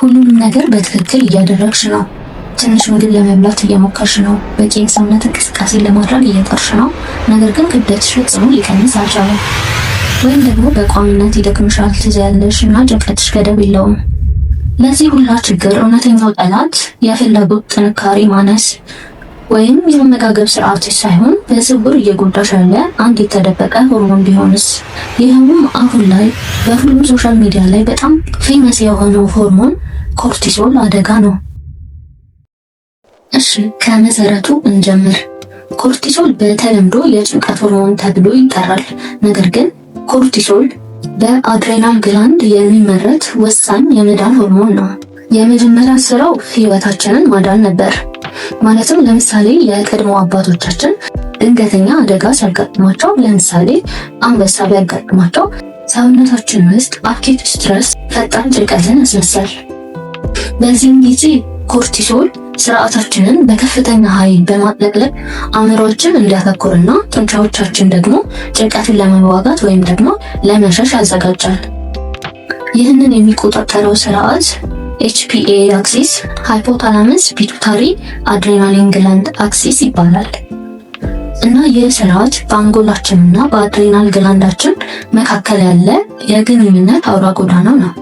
ሁሉንም ነገር በትክክል እያደረግሽ ነው። ትንሽ ምግብ ለመብላት እየሞከርሽ ነው። በቂ የሰውነት እንቅስቃሴ ለማድረግ እየጠርሽ ነው። ነገር ግን ክብደትሽ ጽኑ ሊቀንስ አልቻለም። ወይም ደግሞ በቋሚነት ይደክምሻል፣ ትዘያለሽ እና ጭንቀትሽ ገደብ የለውም። ለዚህ ሁላ ችግር እውነተኛው ጠላት የፍላጎት ጥንካሬ ማነስ ወይም የአመጋገብ ስርዓቶች ሳይሆን በስውር እየጎዳሽ ያለ አንድ የተደበቀ ሆርሞን ቢሆንስ? ይህም አሁን ላይ በሁሉም ሶሻል ሚዲያ ላይ በጣም ፌመስ የሆነው ሆርሞን ኮርቲሶል አደጋ ነው። እሺ ከመሰረቱ እንጀምር። ኮርቲሶል በተለምዶ የጭንቀት ሆርሞን ተብሎ ይጠራል። ነገር ግን ኮርቲሶል በአድሬናል ግላንድ የሚመረት ወሳኝ የመዳን ሆርሞን ነው። የመጀመሪያ ስራው ህይወታችንን ማዳን ነበር። ማለትም ለምሳሌ የቀድሞ አባቶቻችን ድንገተኛ አደጋ ሲያጋጥማቸው፣ ለምሳሌ አንበሳ ቢያጋጥማቸው ሰውነታችን ውስጥ አኪት ስትረስ ፈጣን ጭንቀትን ያስነሳል። በዚህም ጊዜ ኮርቲሶል ስርዓታችንን በከፍተኛ ኃይል በማጥለቅለቅ አምሮችን እንዲያተኩርና ጡንቻዎቻችን ደግሞ ጭንቀትን ለመዋጋት ወይም ደግሞ ለመሸሽ ያዘጋጃል። ይህንን የሚቆጣጠረው ስርዓት ኤችፒኤ አክሲስ፣ ሃይፖታላመስ፣ ፒቱታሪ አድሬናሊን ግላንድ አክሲስ ይባላል እና ይህ ስርዓት በአንጎላችንና በአድሬናል ግላንዳችን መካከል ያለ የግንኙነት አውራ ጎዳና ነው።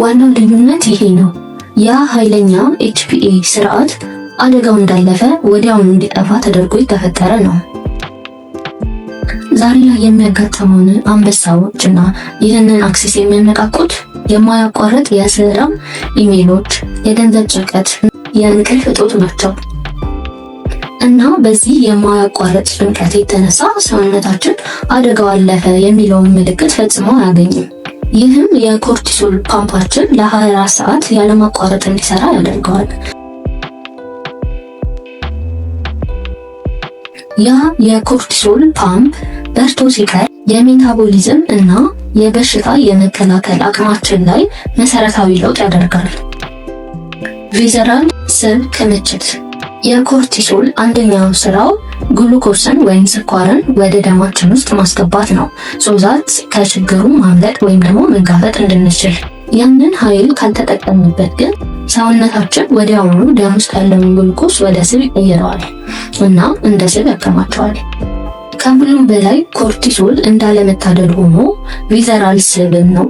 ዋናው ልዩነት ይሄ ነው። ያ ኃይለኛ ኤችፒኤ ስርዓት አደጋው እንዳለፈ ወዲያውኑ እንዲጠፋ ተደርጎ የተፈጠረ ነው። ዛሬ ላይ የሚያጋጥመውን አንበሳዎች እና ይህንን አክሴስ የሚያነቃቁት የማያቋርጥ የሰላም ኢሜሎች፣ የገንዘብ ጭንቀት፣ የእንቅልፍ እጦት ናቸው። እና በዚህ የማያቋርጥ ጭንቀት የተነሳ ሰውነታችን አደጋው አለፈ የሚለውን ምልክት ፈጽሞ አያገኝም። ይህም የኮርቲሶል ፓምፓችን ለ24 ሰዓት ያለማቋረጥ እንዲሰራ ያደርገዋል። ያ የኮርቲሶል ፓምፕ በርቶ ሲቀር የሜታቦሊዝም እና የበሽታ የመከላከል አቅማችን ላይ መሰረታዊ ለውጥ ያደርጋል። ቪዘራል ስብ ክምችት የኮርቲሶል አንደኛው ስራው ግሉኮስን ወይም ስኳርን ወደ ደማችን ውስጥ ማስገባት ነው ሶዛት ከችግሩ ማምለጥ ወይም ደግሞ መጋፈጥ እንድንችል። ያንን ኃይል ካልተጠቀምበት ግን ሰውነታችን ወዲያውኑ ደም ውስጥ ያለውን ግሉኮስ ወደ ስብ ይቀይረዋል እና እንደ ስብ ያከማቸዋል። ከሁሉም በላይ ኮርቲሶል እንዳለመታደል ሆኖ ቪዘራል ስብን ነው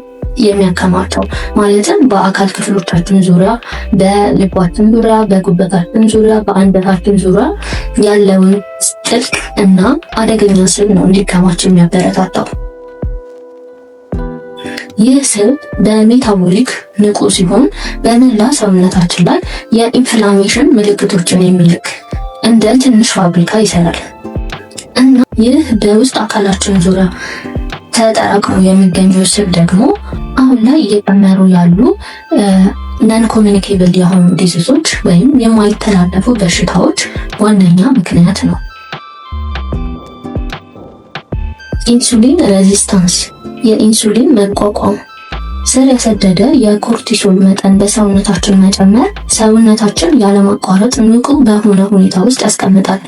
የሚያከማቸው ማለትም በአካል ክፍሎቻችን ዙሪያ፣ በልባችን ዙሪያ፣ በጉበታችን ዙሪያ፣ በአንደታችን ዙሪያ ያለውን ጥልቅ እና አደገኛ ስብ ነው እንዲከማች የሚያበረታታው። ይህ ስብ በሜታቦሊክ ንቁ ሲሆን በመላ ሰውነታችን ላይ የኢንፍላሜሽን ምልክቶችን የሚልክ እንደ ትንሽ ፋብሪካ ይሰራል እና ይህ በውስጥ አካላችን ዙሪያ ተጠራቅሞ የሚገኘው ስብ ደግሞ አሁን ላይ እየጨመሩ ያሉ ነን ኮሚኒኬብል የሆኑ ዲዚዞች ወይም የማይተላለፉ በሽታዎች ዋነኛ ምክንያት ነው። ኢንሱሊን ሬዚስታንስ የኢንሱሊን መቋቋም ስር የሰደደ የኮርቲሶል መጠን በሰውነታችን መጨመር ሰውነታችን ያለማቋረጥ ንቁ በሆነ ሁኔታ ውስጥ ያስቀምጣል።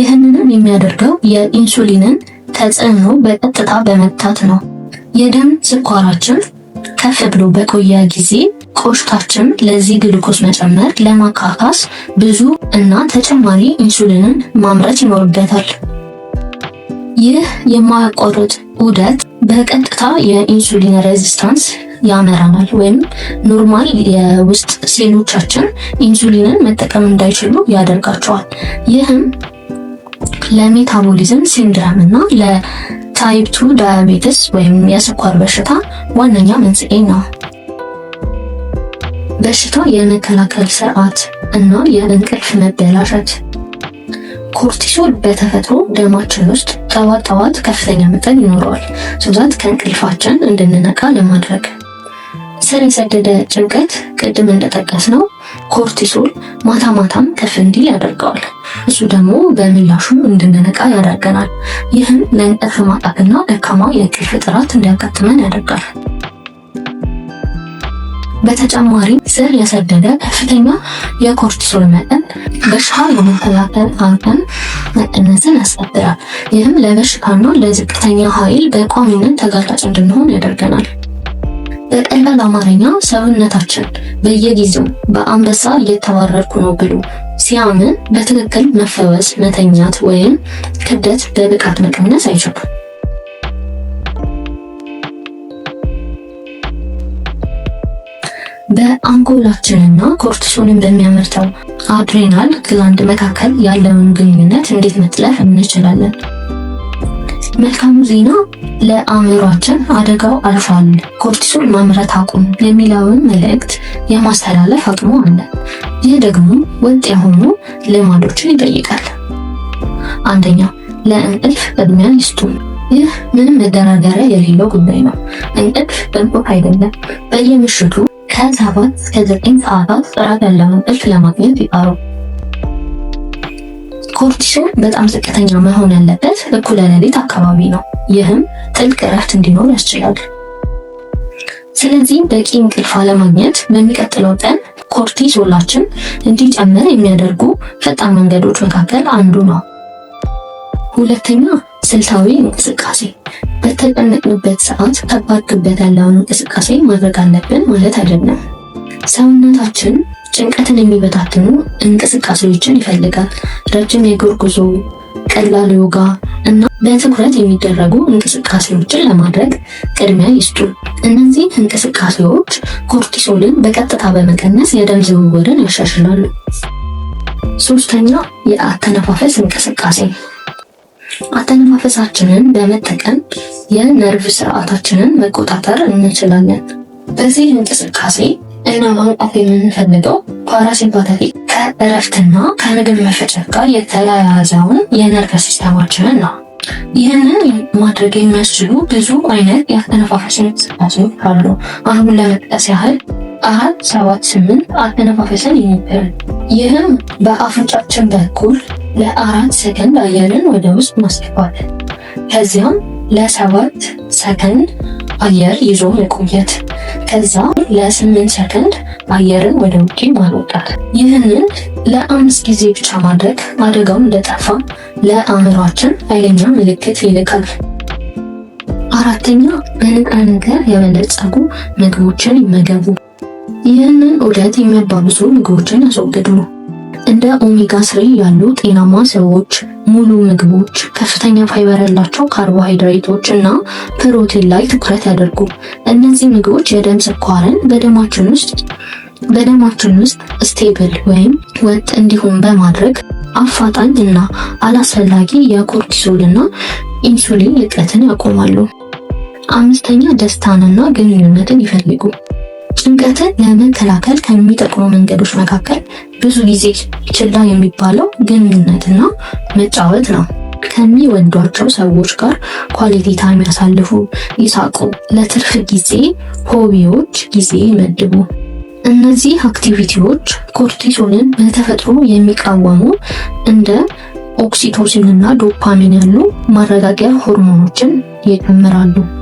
ይህንንም የሚያደርገው የኢንሱሊንን ተጽዕኖ በቀጥታ በመግታት ነው። የደም ስኳራችን ከፍ ብሎ በቆየ ጊዜ ቆሽታችን ለዚህ ግሉኮስ መጨመር ለማካካስ ብዙ እና ተጨማሪ ኢንሱሊንን ማምረት ይኖርበታል። ይህ የማያቋርጥ ዑደት በቀጥታ የኢንሱሊን ሬዚስታንስ ያመራናል ወይም ኖርማል የውስጥ ሴሎቻችን ኢንሱሊንን መጠቀም እንዳይችሉ ያደርጋቸዋል። ይህም ለሜታቦሊዝም ሲንድረም እና ታይፕ 2 ዳያቤትስ ወይም የስኳር በሽታ ዋነኛ መንስኤ ነው። በሽታው የመከላከል ስርዓት እና የእንቅልፍ መበላሸት። ኮርቲሶል በተፈጥሮ ደማችን ውስጥ ጠዋት ጠዋት ከፍተኛ መጠን ይኖረዋል፣ ሶዛት ከእንቅልፋችን እንድንነቃ ለማድረግ ስር የሰደደ ጭንቀት ቅድም እንደጠቀስ ነው ኮርቲሶል ማታ ማታም ከፍ እንዲል ያደርገዋል። እሱ ደግሞ በምላሹ እንድንነቃ ያደርገናል። ይህም ለእንቅልፍ ማጣትና ደካማ የእንቅልፍ ጥራት እንዲያጋጥመን ያደርጋል። በተጨማሪም ስር የሰደደ ከፍተኛ የኮርቲሶል መጠን በሽታ የመከላከል አቅም መቀነስን ያስከትላል። ይህም ለበሽታና ለዝቅተኛ ኃይል በቋሚነት ተጋላጭ እንድንሆን ያደርገናል። በቀላል አማርኛ ሰውነታችን በየጊዜው በአንበሳ እየተባረርኩ ነው ብሎ ሲያምን በትክክል መፈወስ፣ መተኛት ወይም ክብደት በብቃት መቀነስ አይችሉም። በአንጎላችንና ኮርቲሶንን በሚያመርተው አድሬናል ግላንድ መካከል ያለውን ግንኙነት እንዴት መጥለፍ እንችላለን? መልካሙ ዜና ለአእምሯችን አደጋው አልፏል፣ ኮርቲሶል ማምረት አቁም የሚለውን መልእክት የማስተላለፍ አቅሙ አለ። ይህ ደግሞ ወጥ የሆኑ ልማዶችን ይጠይቃል። አንደኛ፣ ለእንቅልፍ ቅድሚያ ይስጡ። ይህ ምንም መደራደሪያ የሌለው ጉዳይ ነው። እንቅልፍ ጥንቆት አይደለም። በየምሽቱ ከሰባት እስከ ዘጠኝ ሰዓታት ጥራት ያለው እንቅልፍ ለማግኘት ይጣሩ። ኮርቲሶል በጣም ዝቅተኛ መሆን ያለበት እኩለ ሌሊት አካባቢ ነው። ይህም ጥልቅ እረፍት እንዲኖር ያስችላል። ስለዚህ በቂ እንቅልፍ አለማግኘት በሚቀጥለው ቀን ኮርቲሶላችን እንዲጨምር የሚያደርጉ ፈጣን መንገዶች መካከል አንዱ ነው። ሁለተኛ፣ ስልታዊ እንቅስቃሴ። በተጨነቅንበት ሰዓት ከባድ ክብደት ያለውን እንቅስቃሴ ማድረግ አለብን ማለት አይደለም። ሰውነታችን ጭንቀትን የሚበታትኑ እንቅስቃሴዎችን ይፈልጋል። ረጅም የእግር ጉዞ፣ ቀላል ዮጋ እና በትኩረት የሚደረጉ እንቅስቃሴዎችን ለማድረግ ቅድሚያ ይስጡ። እነዚህ እንቅስቃሴዎች ኮርቲሶልን በቀጥታ በመቀነስ የደም ዝውውርን ያሻሽላሉ። ሶስተኛ፣ የአተነፋፈስ እንቅስቃሴ አተነፋፈሳችንን በመጠቀም የነርቭ ስርዓታችንን መቆጣጠር እንችላለን። በዚህ እንቅስቃሴ እና ማምጣት የምንፈልገው ፓራሲምፓታቲክ ከእረፍትና ከምግብ መፈጨት ጋር የተያያዘውን የነርቨስ ሲስተማችንን ነው። ይህንን ማድረግ የሚያስችሉ ብዙ አይነት የአተነፋፈስ እንቅስቃሴዎች አሉ። አሁን ለመጥቀስ ያህል አራት ሰባት ስምንት አተነፋፈስን ይነበራል። ይህም በአፍንጫችን በኩል ለአራት ሰከንድ አየርን ወደ ውስጥ ማስገባት ከዚያም ለሰባት ሰከንድ አየር ይዞ መቆየት ከዛ ለስምንት ሰከንድ አየርን ወደ ውጪ ማስወጣት። ይህንን ለአምስት ጊዜ ብቻ ማድረግ አደጋው እንደጠፋ ለአእምሯችን ኃይለኛ ምልክት ይልካል። አራተኛ በንጥረ ነገር የበለጸጉ ምግቦችን ይመገቡ። ይህንን ዑደት የሚያባብሱ ምግቦችን ያስወግዱ። እንደ ኦሜጋ ስሪ ያሉ ጤናማ ስቦች፣ ሙሉ ምግቦች፣ ከፍተኛ ፋይበር ያላቸው ካርቦሃይድሬቶች እና ፕሮቲን ላይ ትኩረት ያደርጉ። እነዚህ ምግቦች የደም ስኳርን በደማችን ውስጥ በደማችን ውስጥ ስቴብል ወይም ወጥ እንዲሆን በማድረግ አፋጣኝ እና አላስፈላጊ የኮርቲሶል እና ኢንሱሊን እጥረትን ያቆማሉ። አምስተኛ ደስታንና ግንኙነትን ይፈልጉ። ጭንቀትን ለመከላከል ከሚጠቅሙ መንገዶች መካከል ብዙ ጊዜ ችላ የሚባለው ግንኙነትና መጫወት ነው። ከሚወዷቸው ሰዎች ጋር ኳሊቲ ታይም ያሳልፉ፣ ይሳቁ። ለትርፍ ጊዜ ሆቢዎች ጊዜ ይመድቡ። እነዚህ አክቲቪቲዎች ኮርቲሶንን በተፈጥሮ የሚቃወሙ እንደ ኦክሲቶሲን እና ዶፓሚን ያሉ ማረጋጊያ ሆርሞኖችን ይጨምራሉ።